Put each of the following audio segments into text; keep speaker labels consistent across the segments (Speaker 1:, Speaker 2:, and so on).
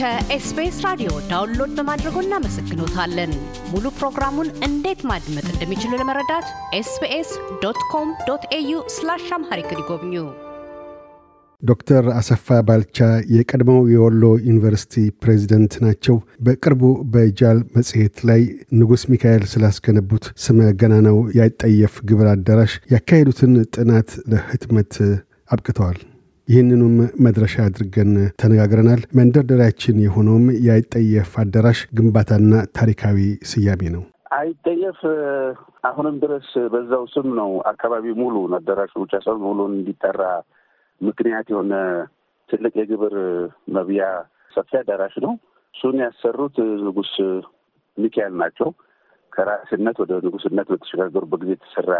Speaker 1: ከኤስቢኤስ ራዲዮ ዳውንሎድ በማድረጎ እናመሰግኖታለን። ሙሉ ፕሮግራሙን እንዴት ማድመጥ እንደሚችሉ ለመረዳት ኤስቢኤስ ዶት ኮም ዶት ኤዩ ስላሽ አምሃሪክ ይጎብኙ። ዶክተር አሰፋ ባልቻ የቀድሞው የወሎ ዩኒቨርሲቲ ፕሬዚደንት ናቸው። በቅርቡ በጃል መጽሔት ላይ ንጉሥ ሚካኤል ስላስገነቡት ስመ ገናናው ያጠየፍ ግብር አዳራሽ ያካሄዱትን ጥናት ለህትመት አብቅተዋል። ይህንኑም መድረሻ አድርገን ተነጋግረናል። መንደርደሪያችን የሆነውም የአይጠየፍ አዳራሽ ግንባታና ታሪካዊ ስያሜ ነው።
Speaker 2: አይጠየፍ አሁንም ድረስ በዛው ስም ነው። አካባቢ ሙሉ አዳራሹ ብቻ ሳይሆን እንዲጠራ ምክንያት የሆነ ትልቅ የግብር መብያ ሰፊ አዳራሽ ነው። እሱን ያሰሩት ንጉስ ሚካኤል ናቸው። ከራስነት ወደ ንጉስነት በተሸጋገሩበት ጊዜ የተሰራ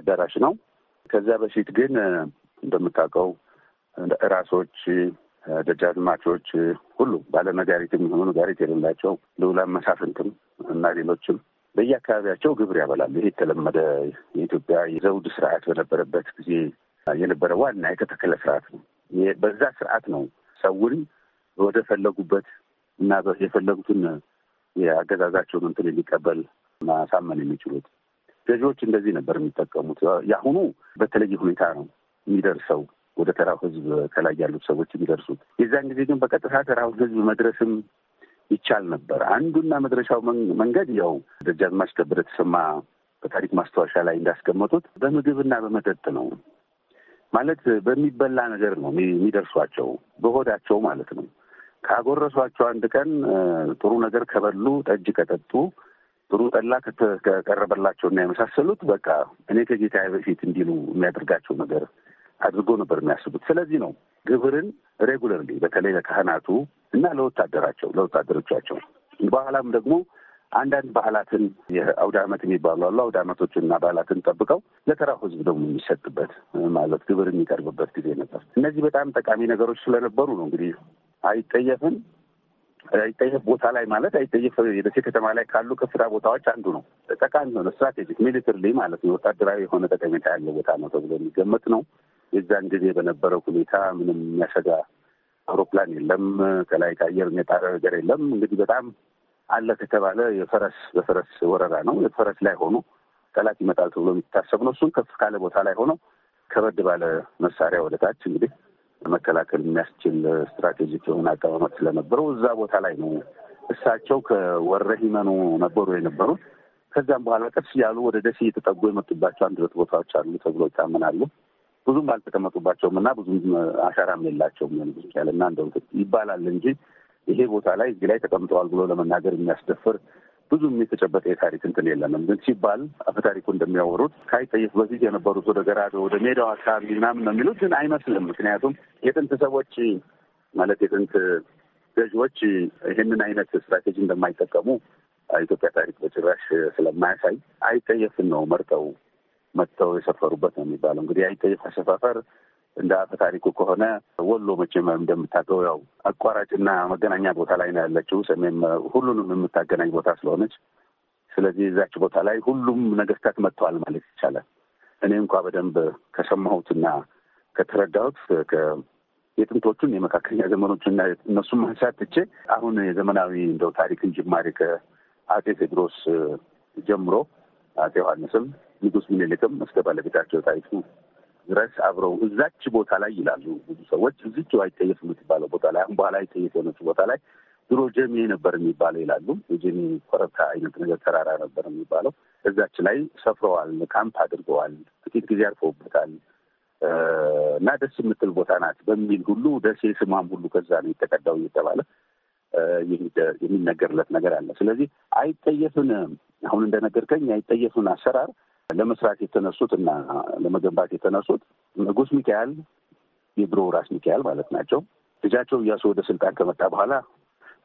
Speaker 2: አዳራሽ ነው። ከዚያ በፊት ግን እንደምታውቀው ራሶች ደጃዝማቾች ሁሉ ባለነጋሪትም የሆኑ ነጋሪት የሌላቸው ልውላን መሳፍንትም እና ሌሎችም በየአካባቢያቸው ግብር ያበላሉ። ይህ የተለመደ የኢትዮጵያ የዘውድ ስርዓት በነበረበት ጊዜ የነበረ ዋና የተተከለ ስርዓት ነው። በዛ ስርዓት ነው ሰውን ወደ ፈለጉበት እና የፈለጉትን የአገዛዛቸውን እንትን የሚቀበል ማሳመን የሚችሉት ገዢዎች እንደዚህ ነበር የሚጠቀሙት። የአሁኑ በተለየ ሁኔታ ነው የሚደርሰው ወደ ተራው ህዝብ ከላይ ያሉት ሰዎች የሚደርሱት። የዛን ጊዜ ግን በቀጥታ ተራው ህዝብ መድረስም ይቻል ነበር። አንዱና መድረሻው መንገድ ያው ደጃዝማች ከበደ ተሰማ በታሪክ ማስታወሻ ላይ እንዳስቀመጡት በምግብና በመጠጥ ነው። ማለት በሚበላ ነገር ነው የሚደርሷቸው፣ በሆዳቸው ማለት ነው። ካጎረሷቸው አንድ ቀን ጥሩ ነገር ከበሉ፣ ጠጅ ከጠጡ፣ ጥሩ ጠላ ከቀረበላቸው እና የመሳሰሉት በቃ እኔ ከጌታ በፊት እንዲሉ የሚያደርጋቸው ነገር አድርጎ ነበር የሚያስቡት። ስለዚህ ነው ግብርን ሬጉለርሊ በተለይ ለካህናቱ እና ለወታደራቸው ለወታደሮቻቸው በኋላም ደግሞ አንዳንድ በዓላትን የአውደ ዓመት የሚባሉ አሉ። አውደ እና በዓላትን ጠብቀው ለተራው ሕዝብ ደግሞ የሚሰጥበት ማለት ግብር የሚቀርብበት ጊዜ ነበር። እነዚህ በጣም ጠቃሚ ነገሮች ስለነበሩ ነው እንግዲህ አይጠየፍን አይጠየፍ ቦታ ላይ ማለት አይጠየፍ የደሴ ከተማ ላይ ካሉ ከፍታ ቦታዎች አንዱ ነው። ጠቃሚ የሆነ ስትራቴጂክ ሚሊተሪ ማለት ነው። ወታደራዊ የሆነ ጠቀሜታ ያለው ቦታ ነው ተብሎ የሚገመት ነው። የዛን ጊዜ በነበረው ሁኔታ ምንም የሚያሰጋ አውሮፕላን የለም። ከላይ ከአየር የጣረ ነገር የለም። እንግዲህ በጣም አለ ከተባለ የፈረስ በፈረስ ወረራ ነው። የፈረስ ላይ ሆኖ ጠላት ይመጣል ተብሎ የሚታሰብ ነው። እሱን ከፍ ካለ ቦታ ላይ ሆኖ ከበድ ባለ መሳሪያ ወደ ታች እንግዲህ መከላከል የሚያስችል ስትራቴጂክ የሆነ አቀማመጥ ስለነበረው እዛ ቦታ ላይ ነው እሳቸው ከወረ ሂመኑ ነበሩ የነበሩት። ከዚያም በኋላ ቀስ እያሉ ወደ ደሴ እየተጠጉ የመጡባቸው አንድ ሁለት ቦታዎች አሉ ተብሎ ይታመናሉ። ብዙም አልተቀመጡባቸውም እና ብዙም አሻራም የላቸውም ሆን ያለ እና እንደው ይባላል እንጂ ይሄ ቦታ ላይ እዚህ ላይ ተቀምጠዋል ብሎ ለመናገር የሚያስደፍር ብዙም የተጨበጠ የታሪክ እንትን የለንም። ግን ሲባል አፈታሪኩ እንደሚያወሩት ካይጠየፍ በፊት የነበሩት ወደ ገራዶ ወደ ሜዳው አካባቢ ምናምን ነው የሚሉት፣ ግን አይመስልም። ምክንያቱም የጥንት ሰዎች ማለት የጥንት ገዢዎች ይህንን አይነት ስትራቴጂ እንደማይጠቀሙ ኢትዮጵያ ታሪክ በጭራሽ ስለማያሳይ አይጠየፍን ነው መርጠው መጥተው የሰፈሩበት ነው የሚባለው። እንግዲህ አይጠየፍ አሰፋፈር እንደ አፈ ታሪኩ ከሆነ ወሎ መቼም እንደምታውቀው ያው አቋራጭና መገናኛ ቦታ ላይ ነው ያለችው። ሰሜን ሁሉንም የምታገናኝ ቦታ ስለሆነች፣ ስለዚህ እዛች ቦታ ላይ ሁሉም ነገስታት መጥተዋል ማለት ይቻላል። እኔ እንኳ በደንብ ከሰማሁትና ከተረዳሁት የጥንቶቹን የመካከለኛ ዘመኖቹና እነሱም ማንሳት ትቼ አሁን የዘመናዊ እንደው ታሪክን ጅማሬ ከአጼ ቴዎድሮስ ጀምሮ አጼ ዮሐንስም ንጉስ ምኒልክም እስከ ባለቤታቸው ታሪክ ድረስ አብረው እዛች ቦታ ላይ ይላሉ ብዙ ሰዎች። እዚች አይጠየፍ የምትባለው ቦታ ላይ አሁን በኋላ አይጠየፍ የሆነች ቦታ ላይ ድሮ ጀሜ ነበር የሚባለው ይላሉ። የጀሜ ኮረብታ አይነት ነገር ተራራ ነበር የሚባለው። እዛች ላይ ሰፍረዋል፣ ካምፕ አድርገዋል፣ ጥቂት ጊዜ አርፈውበታል እና ደስ የምትል ቦታ ናት በሚል ሁሉ ደሴ ስሟም ሁሉ ከዛ ነው የተቀዳው እየተባለ የሚነገርለት ነገር አለ። ስለዚህ አይጠየፍን አሁን እንደነገርከኝ አይጠየፍን አሰራር ለመስራት የተነሱት እና ለመገንባት የተነሱት ንጉስ ሚካኤል የድሮ ራስ ሚካኤል ማለት ናቸው። ልጃቸው እያሱ ወደ ስልጣን ከመጣ በኋላ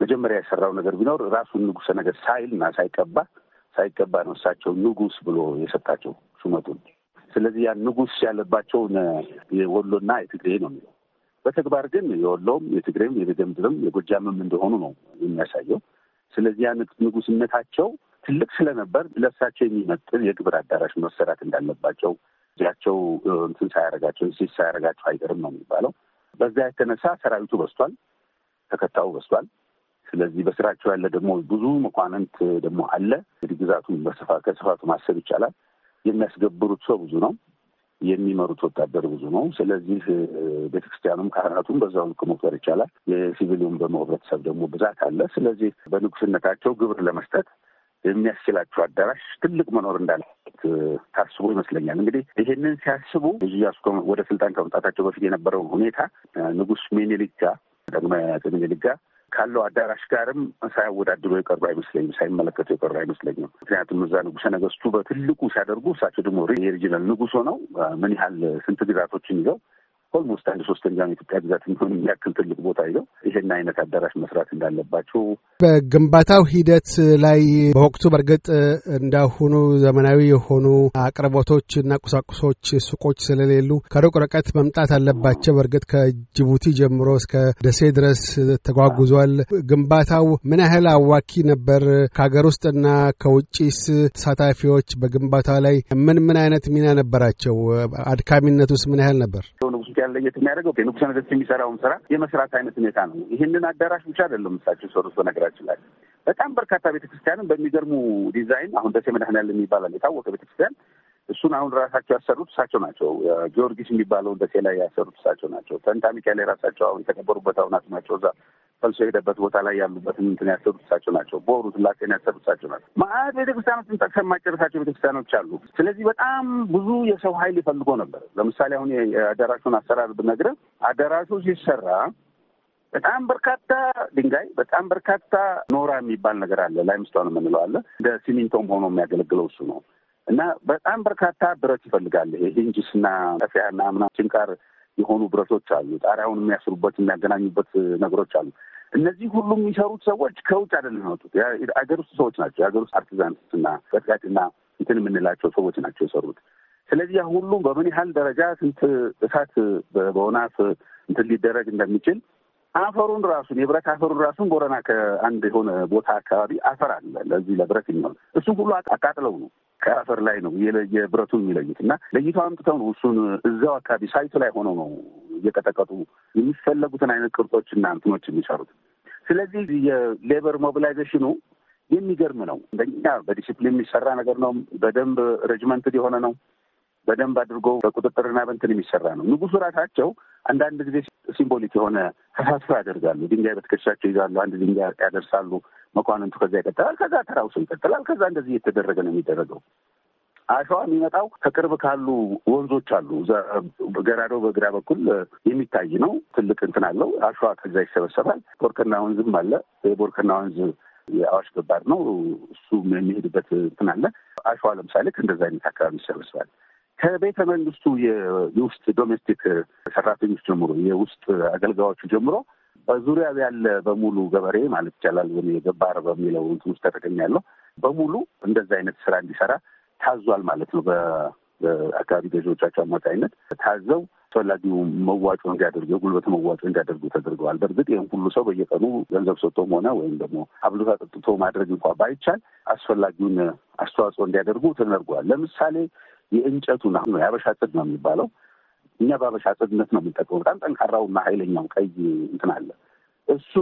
Speaker 2: መጀመሪያ የሰራው ነገር ቢኖር ራሱን ንጉሰ ነገር ሳይል እና ሳይቀባ ሳይቀባ ነው እሳቸው ንጉስ ብሎ የሰጣቸው ሹመቱን። ስለዚህ ያ ንጉስ ያለባቸውን የወሎና የትግሬ ነው የሚለው። በተግባር ግን የወሎም የትግሬም የደገምድርም የጎጃምም እንደሆኑ ነው የሚያሳየው። ስለዚህ ያ ንጉስነታቸው ትልቅ ስለነበር ለእሳቸው የሚመጥን የግብር አዳራሽ መሰራት እንዳለባቸው እዚያቸው እንትን ሳያረጋቸው ሲስ ሳያረጋቸው አይቀርም ነው የሚባለው። በዛ የተነሳ ሰራዊቱ በስቷል፣ ተከታዩ በስቷል። ስለዚህ በስራቸው ያለ ደግሞ ብዙ መኳንንት ደግሞ አለ። እንግዲህ ግዛቱን ከስፋቱ ማሰብ ይቻላል። የሚያስገብሩት ሰው ብዙ ነው፣ የሚመሩት ወታደር ብዙ ነው። ስለዚህ ቤተክርስቲያኑም ካህናቱም በዛው ልክ መቁጠር ይቻላል። የሲቪሊዩም ደግሞ ህብረተሰብ ደግሞ ብዛት አለ። ስለዚህ በንጉስነታቸው ግብር ለመስጠት የሚያስችላቸው አዳራሽ ትልቅ መኖር እንዳለበት ታስቦ ይመስለኛል። እንግዲህ ይሄንን ሲያስቡ ኢያሱ ወደ ስልጣን ከመምጣታቸው በፊት የነበረው ሁኔታ ንጉስ ሚኒሊክ ጋር ደግሞ አፄ ሚኒሊክ ጋር ካለው አዳራሽ ጋርም ሳያወዳድሩ የቀሩ አይመስለኝም፣ ሳይመለከቱ የቀሩ አይመስለኝም። ምክንያቱም እዛ ንጉሰ ነገስቱ በትልቁ ሲያደርጉ እሳቸው ደግሞ የሪጂናል ንጉሶ ነው ምን ያህል ስንት ግዛቶችን ይዘው ኦልሞስት አንድ ሶስተኛውን ኢትዮጵያ ግዛት የሚሆን የሚያክል ትልቅ ቦታ ይዘው ይሄን አይነት አዳራሽ መስራት እንዳለባቸው
Speaker 1: በግንባታው ሂደት ላይ በወቅቱ በእርግጥ እንዳሁኑ ዘመናዊ የሆኑ አቅርቦቶች እና ቁሳቁሶች፣ ሱቆች ስለሌሉ ከሩቅ ርቀት መምጣት አለባቸው። በእርግጥ ከጅቡቲ ጀምሮ እስከ ደሴ ድረስ ተጓጉዟል። ግንባታው ምን ያህል አዋኪ ነበር? ከሀገር ውስጥና ከውጭስ ተሳታፊዎች በግንባታ ላይ ምን ምን አይነት ሚና ነበራቸው? አድካሚነቱስ ምን ያህል ነበር?
Speaker 2: ያለ ለየት የሚያደርገው ንጉሠ ነገስት የሚሰራውን ስራ የመስራት አይነት ሁኔታ ነው። ይህንን አዳራሽ ብቻ አይደለም እሳቸው ሰሩት። በነገራችን ላይ በጣም በርካታ ቤተክርስቲያንም በሚገርሙ ዲዛይን አሁን ደሴ መድኃኔዓለም የሚባላል የታወቀ ቤተክርስቲያን እሱን አሁን ራሳቸው ያሰሩት እሳቸው ናቸው። ጊዮርጊስ የሚባለውን ደሴ ላይ ያሰሩት እሳቸው ናቸው። ተንታ ሚካኤል የራሳቸው አሁን የተቀበሩበት አሁን አጽማቸው እዛ ፈልሶ የሄደበት ቦታ ላይ ያሉበትን እንትን ያሰሩት እሳቸው ናቸው። ቦሩ ስላሴን ያሰሩት እሳቸው ናቸው። ማለት ቤተክርስቲያኖችን ጠቅሰን የማይጨርሳቸው ቤተክርስቲያኖች አሉ። ስለዚህ በጣም ብዙ የሰው ኃይል ይፈልጎ ነበር። ለምሳሌ አሁን የአዳራሹን አሰራር ብነግርህ አዳራሹ ሲሰራ በጣም በርካታ ድንጋይ በጣም በርካታ ኖራ የሚባል ነገር አለ። ላይምስቶን የምንለው አለ። እንደ ሲሚንቶም ሆኖ የሚያገለግለው እሱ ነው እና በጣም በርካታ ብረት ይፈልጋል። ይሄ ሂንጅስና ጠፊያና ምናምን ችንቃር የሆኑ ብረቶች አሉ። ጣሪያውን የሚያስሩበት የሚያገናኙበት ነገሮች አሉ። እነዚህ ሁሉ የሚሰሩት ሰዎች ከውጭ አይደለም ያወጡት፣ አገር ውስጥ ሰዎች ናቸው። የሀገር ውስጥ አርቲዛንስ እና ቀጥቃጭና እንትን የምንላቸው ሰዎች ናቸው የሰሩት። ስለዚህ ያ ሁሉ በምን ያህል ደረጃ ስንት እሳት በወናፍ እንትን ሊደረግ እንደሚችል አፈሩን ራሱን የብረት አፈሩን ራሱን ቦረና ከአንድ የሆነ ቦታ አካባቢ አፈር አለ ለዚህ ለብረት የሚሆን እሱ ሁሉ አቃጥለው ነው ከአፈር ላይ ነው የብረቱን የሚለዩት እና ለይቶ አምጥተው ነው እሱን እዛው አካባቢ ሳይቱ ላይ ሆነው ነው እየቀጠቀጡ የሚፈለጉትን አይነት ቅርጾች እና እንትኖች የሚሰሩት። ስለዚህ የሌበር ሞቢላይዜሽኑ የሚገርም ነው። እንደኛ በዲሲፕሊን የሚሰራ ነገር ነው። በደንብ ሬጅመንትድ የሆነ ነው። በደንብ አድርጎ በቁጥጥርና በንትን የሚሰራ ነው። ንጉሱ ራሳቸው አንዳንድ ጊዜ ሲምቦሊክ የሆነ ተሳስፋ ያደርጋሉ። ድንጋይ በትከሻቸው ይዛሉ፣ አንድ ድንጋይ ያደርሳሉ። መኳንንቱ ከዛ ይቀጥላል፣ ከዛ ተራውሱ ይቀጥላል፣ ከዛ እንደዚህ እየተደረገ ነው የሚደረገው። አሸዋ የሚመጣው ከቅርብ ካሉ ወንዞች አሉ። ገራዶ በግራ በኩል የሚታይ ነው። ትልቅ እንትን አለው። አሸዋ ከዛ ይሰበሰባል። ቦርከና ወንዝም አለ። የቦርከና ወንዝ የአዋሽ ገባር ነው። እሱ የሚሄድበት እንትን አለ። አሸዋ ለምሳሌ ከእንደዛ አይነት አካባቢ ይሰበሰባል። ከቤተ መንግስቱ የውስጥ ዶሜስቲክ ሰራተኞች ጀምሮ የውስጥ አገልጋዮቹ ጀምሮ በዙሪያ ያለ በሙሉ ገበሬ ማለት ይቻላል የገባር በሚለው እንትን ውስጥ ተጠቅም ያለው በሙሉ እንደዚህ አይነት ስራ እንዲሰራ ታዟል ማለት ነው። በአካባቢ ገዢዎቻቸው አማካኝነት ታዘው አስፈላጊው መዋጮ እንዲያደርጉ የጉልበት መዋጮ እንዲያደርጉ ተደርገዋል። በእርግጥ ይህም ሁሉ ሰው በየቀኑ ገንዘብ ሰጥቶም ሆነ ወይም ደግሞ አብሎታ ጠጥቶ ማድረግ እንኳ ባይቻል አስፈላጊውን አስተዋጽኦ እንዲያደርጉ ተደርገዋል። ለምሳሌ የእንጨቱን አሁን የአበሻ ጥድ ነው የሚባለው እኛ በአበሻ ጽድነት ነው የምንጠቀመው። በጣም ጠንካራውና ኃይለኛው ቀይ እንትን አለ። እሱ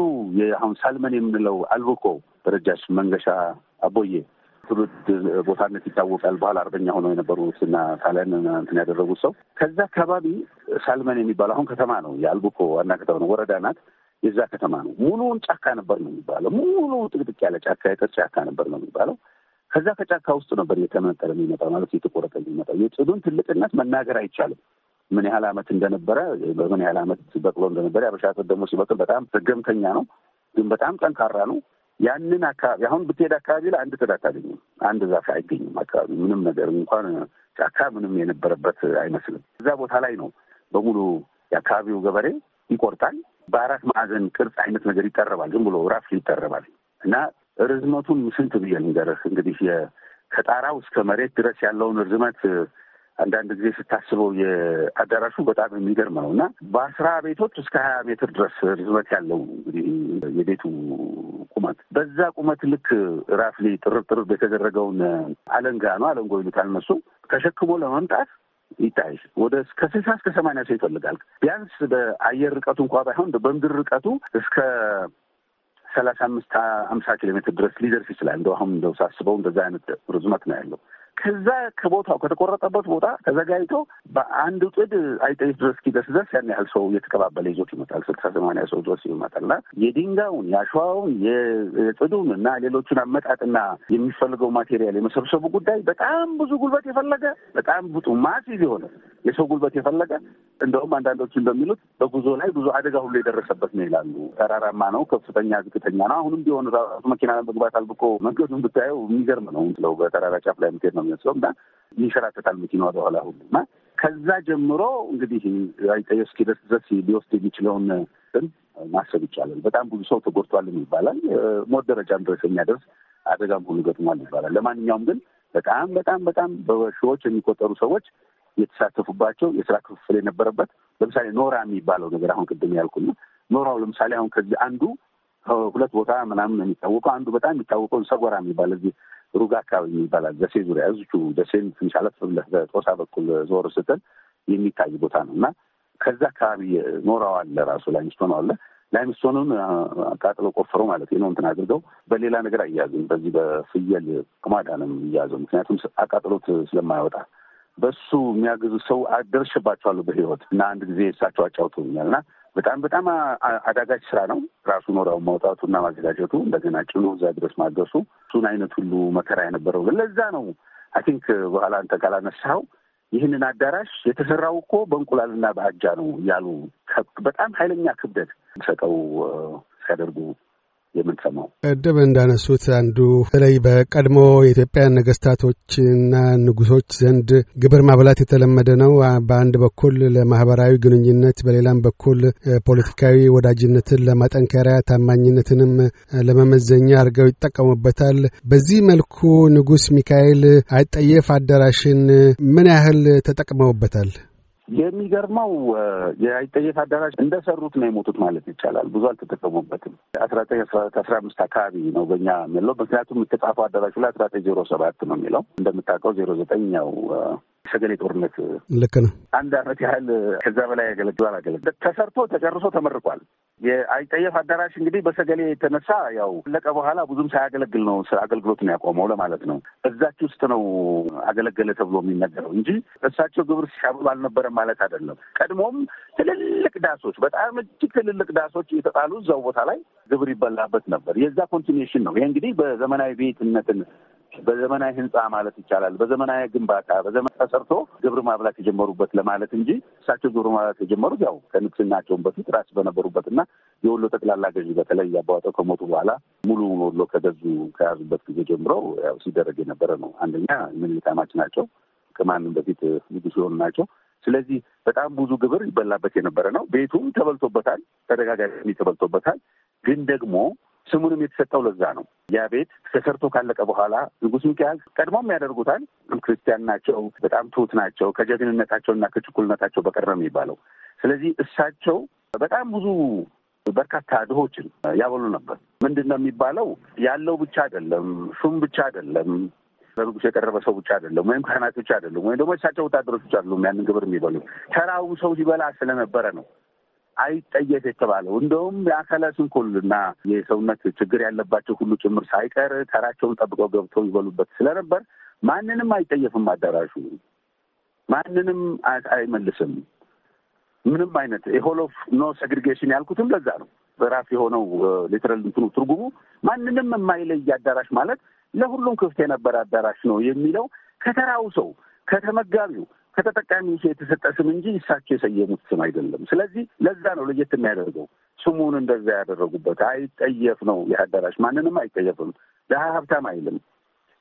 Speaker 2: አሁን ሳልመን የምንለው አልቦኮ በረጃሽ መንገሻ አቦዬ ትውልድ ቦታነት ይታወቃል። በኋላ አርበኛ ሆነው የነበሩትና ጣሊያን እንትን ያደረጉት ሰው ከዛ አካባቢ ሳልመን የሚባለው አሁን ከተማ ነው። የአልቡኮ ዋና ከተማ ነው፣ ወረዳ ናት። የዛ ከተማ ነው። ሙሉውን ጫካ ነበር ነው የሚባለው። ሙሉ ጥቅጥቅ ያለ ጫካ፣ የጠጥ ጫካ ነበር ነው የሚባለው። ከዛ ከጫካ ውስጥ ነበር እየተመነጠረ የሚመጣ ማለት እየተቆረጠ የሚመጣ የጽዱን ትልቅነት መናገር አይቻልም። ምን ያህል ዓመት እንደነበረ በምን ያህል ዓመት በቅሎ እንደነበረ የአበሻ አጥር ደግሞ ሲበቅል በጣም ዘገምተኛ ነው፣ ግን በጣም ጠንካራ ነው። ያንን አካባቢ አሁን ብትሄድ አካባቢ ላይ አንድ ጥድ አታገኝም፣ አንድ ዛፍ አይገኝም። አካባቢ ምንም ነገር እንኳን ጫካ ምንም የነበረበት አይመስልም። እዛ ቦታ ላይ ነው በሙሉ የአካባቢው ገበሬ ይቆርጣል። በአራት ማዕዘን ቅርጽ አይነት ነገር ይጠረባል። ዝም ብሎ ራፍ ይጠረባል እና ርዝመቱን ስንት ብዬ ልንገርህ እንግዲህ ከጣራው እስከ መሬት ድረስ ያለውን ርዝመት አንዳንድ ጊዜ ስታስበው የአዳራሹ በጣም የሚገርም ነው እና በአስራ ቤቶች እስከ ሀያ ሜትር ድረስ ርዝመት ያለው እንግዲህ የቤቱ ቁመት በዛ ቁመት ልክ ራፍሊ ጥርብ ጥርብ የተደረገውን አለንጋ ነው አለንጎ ይሉታል መሱ ተሸክሞ ለመምጣት ይታይ ወደ እስከ ስልሳ እስከ ሰማንያ ሰው ይፈልጋል። ቢያንስ በአየር ርቀቱ እንኳ ባይሆን በምድር ርቀቱ እስከ ሰላሳ አምስት አምሳ ኪሎ ሜትር ድረስ ሊደርስ ይችላል። እንደ አሁን እንደው ሳስበው እንደዛ አይነት ርዝመት ነው ያለው። ከዛ ከቦታው ከተቆረጠበት ቦታ ተዘጋጅቶ በአንድ ጥድ አይጠይት ድረስ እስኪደርስ ድረስ ያን ያህል ሰው እየተቀባበለ ይዞት ይመጣል። ስልሳ ሰማንያ ሰው ድረስ ይመጣል እና የድንጋዩን የአሸዋውን፣ የጥዱን እና ሌሎቹን አመጣጥና የሚፈልገው ማቴሪያል የመሰብሰቡ ጉዳይ በጣም ብዙ ጉልበት የፈለገ በጣም ብጡ ማሲቭ የሆነ የሰው ጉልበት የፈለገ እንደውም አንዳንዶች እንደሚሉት በጉዞ ላይ ብዙ አደጋ ሁሉ የደረሰበት ነው ይላሉ። ተራራማ ነው፣ ከፍተኛ ዝቅተኛ ነው። አሁንም ቢሆን ራሱ መኪና መግባት አልብቆ መንገዱን ብታየው የሚገርም ነው። ስለው በተራራ ጫፍ ላይ የምትሄድ ነው የሚመስለው እና ይንሸራተታል መኪና ወደኋላ ሁሉ እና ከዛ ጀምሮ እንግዲህ አይቀየው ደስ ዘስ ሊወስድ የሚችለውን ትን ማሰብ ይቻላል። በጣም ብዙ ሰው ተጎድቷልም ይባላል። ሞት ደረጃም ድረስ የሚያደርስ አደጋም ሁሉ ገጥሟል ይባላል። ለማንኛውም ግን በጣም በጣም በጣም በሺዎች የሚቆጠሩ ሰዎች የተሳተፉባቸው የስራ ክፍፍል የነበረበት ለምሳሌ ኖራ የሚባለው ነገር አሁን ቅድም ያልኩና ኖራው ለምሳሌ አሁን ከዚህ አንዱ ሁለት ቦታ ምናምን ነው የሚታወቀው። አንዱ በጣም የሚታወቀው ሰጎራ የሚባል እዚህ ሩጋ አካባቢ የሚባላል ደሴ ዙሪያ እዙቹ ደሴን ትንሽ አለፍ ብለህ በጦሳ በኩል ዞር ስትል የሚታይ ቦታ ነው እና ከዛ አካባቢ ኖራው አለ ራሱ ላይምስቶን አለ ላይምስቶንን አቃጥለው ቆፍረው ማለት ነው እንትን አድርገው በሌላ ነገር አያያዝም። በዚህ በፍየል ቅማዳ ነው የሚያዘው፣ ምክንያቱም አቃጥሎት ስለማያወጣ በሱ የሚያግዙ ሰው ደርሼባቸዋለሁ በህይወት እና አንድ ጊዜ እሳቸው አጫውተውኛል እና በጣም በጣም አዳጋች ስራ ነው። ራሱ ኖራው እና ማዘጋጀቱ እንደገና ጭኑ እዛ ድረስ ማድረሱ እሱን አይነት ሁሉ መከራ የነበረው ግን ለዛ ነው አይ ቲንክ በኋላ አንተ ካላነሳኸው ይህንን አዳራሽ የተሰራው እኮ በእንቁላልና በአጃ ነው ያሉ በጣም ኃይለኛ ክብደት ሰጠው ሲያደርጉ
Speaker 1: የምንሰማው። ቅድም እንዳነሱት አንዱ በተለይ በቀድሞ የኢትዮጵያ ነገስታቶችና ንጉሶች ዘንድ ግብር ማብላት የተለመደ ነው። በአንድ በኩል ለማህበራዊ ግንኙነት፣ በሌላም በኩል ፖለቲካዊ ወዳጅነትን ለማጠንከሪያ ታማኝነትንም ለመመዘኛ አድርገው ይጠቀሙበታል። በዚህ መልኩ ንጉስ ሚካኤል አይጠየፍ አዳራሽን ምን ያህል ተጠቅመውበታል?
Speaker 2: የሚገርመው የአይጠየት አዳራሽ እንደሰሩት ነው የሞቱት ማለት ይቻላል። ብዙ አልተጠቀሙበትም። አስራ ዘጠኝ አስራ አምስት አካባቢ ነው በኛ የሚለው ምክንያቱም የተጻፈው አዳራሹ ላይ አስራ ዘጠኝ ዜሮ ሰባት ነው የሚለው እንደምታውቀው ዜሮ ዘጠኝ ያው ሰገሌ ጦርነት ልክ ነው። አንድ አመት ያህል ከዛ በላይ ያገለግል አላገለግል ተሰርቶ ተጨርሶ ተመርቋል። የአይጠየፍ አዳራሽ እንግዲህ በሰገሌ የተነሳ ያው ለቀ በኋላ ብዙም ሳያገለግል ነው አገልግሎት ነው ያቆመው ለማለት ነው። እዛች ውስጥ ነው አገለገለ ተብሎ የሚነገረው እንጂ እሳቸው ግብር ሲሻብሉ አልነበረም ማለት አይደለም። ቀድሞም ትልልቅ ዳሶች፣ በጣም እጅግ ትልልቅ ዳሶች የተጣሉ እዛው ቦታ ላይ ግብር ይበላበት ነበር። የዛ ኮንቲኒሽን ነው ይሄ እንግዲህ በዘመናዊ ቤትነትን በዘመናዊ ህንፃ ማለት ይቻላል በዘመናዊ ግንባታ በዘመን ተሰርቶ ግብር ማብላት የጀመሩበት ለማለት እንጂ እሳቸው ግብር ማብላት የጀመሩት ያው ከንግስናቸውን በፊት ራስ በነበሩበትና የወሎ ጠቅላላ ገዢ በተለይ አባዋጠው ከሞቱ በኋላ ሙሉ ወሎ ከገዙ ከያዙበት ጊዜ ጀምሮ ያው ሲደረግ የነበረ ነው። አንደኛ ምኒልክ አማች ናቸው። ከማንም በፊት ንጉስ የሆኑ ናቸው። ስለዚህ በጣም ብዙ ግብር ይበላበት የነበረ ነው። ቤቱም ተበልቶበታል፣ ተደጋጋሚ ተበልቶበታል። ግን ደግሞ ስሙንም የተሰጠው ለዛ ነው። ያ ቤት ተሰርቶ ካለቀ በኋላ ንጉስ ሚካኤል ቀድሞም ያደርጉታል። ክርስቲያን ናቸው። በጣም ትሑት ናቸው። ከጀግንነታቸውና ከችኩልነታቸው በቀር ነው የሚባለው። ስለዚህ እሳቸው በጣም ብዙ በርካታ ድሆችን ያበሉ ነበር። ምንድን ነው የሚባለው? ያለው ብቻ አይደለም፣ ሹም ብቻ አይደለም፣ ለንጉስ የቀረበ ሰው ብቻ አይደለም፣ ወይም ካህናት ብቻ አይደለም፣ ወይም ደግሞ እሳቸው ወታደሮች ብቻ አይደሉም። ያንን ግብር የሚበሉ ተራው ሰው ሲበላ ስለነበረ ነው አይጠየፍ የተባለው እንደውም የአካለ ስንኩልና የሰውነት ችግር ያለባቸው ሁሉ ጭምር ሳይቀር ተራቸውን ጠብቀው ገብተው ይበሉበት ስለነበር ማንንም አይጠየፍም። አዳራሹ ማንንም አይመልስም። ምንም አይነት የሆል ኦፍ ኖ ሴግሪጌሽን ያልኩትም ለዛ ነው። በራፍ የሆነው ሌትራል እንትኑ ትርጉሙ ማንንም የማይለይ አዳራሽ ማለት ለሁሉም ክፍት የነበረ አዳራሽ ነው የሚለው ከተራው ሰው ከተመጋቢው ከተጠቃሚ የተሰጠ ስም እንጂ እሳቸው የሰየሙት ስም አይደለም። ስለዚህ ለዛ ነው ለየት የሚያደርገው ስሙን እንደዛ ያደረጉበት። አይጠየፍ ነው የአዳራሽ ማንንም አይጠየፍም። ድሀ ሀብታም አይልም፣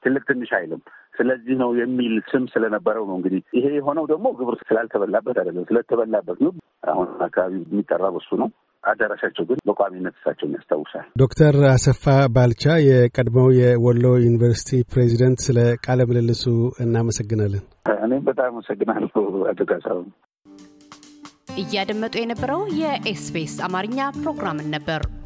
Speaker 2: ትልቅ ትንሽ አይልም። ስለዚህ ነው የሚል ስም ስለነበረው ነው። እንግዲህ ይሄ የሆነው ደግሞ ግብር ስላልተበላበት አይደለም፣ ስለተበላበት ነው። አሁን አካባቢ የሚጠራ በሱ ነው። አዳራሻቸው ግን በቋሚነት እሳቸውን
Speaker 1: ያስታውሳል። ዶክተር አሰፋ ባልቻ የቀድሞው የወሎ ዩኒቨርሲቲ ፕሬዚደንት፣ ስለ ቃለ ምልልሱ እናመሰግናለን።
Speaker 2: እኔም በጣም አመሰግናለሁ አቶ ካሳሁን።
Speaker 1: እያደመጡ የነበረው የኤስቢኤስ አማርኛ ፕሮግራምን ነበር።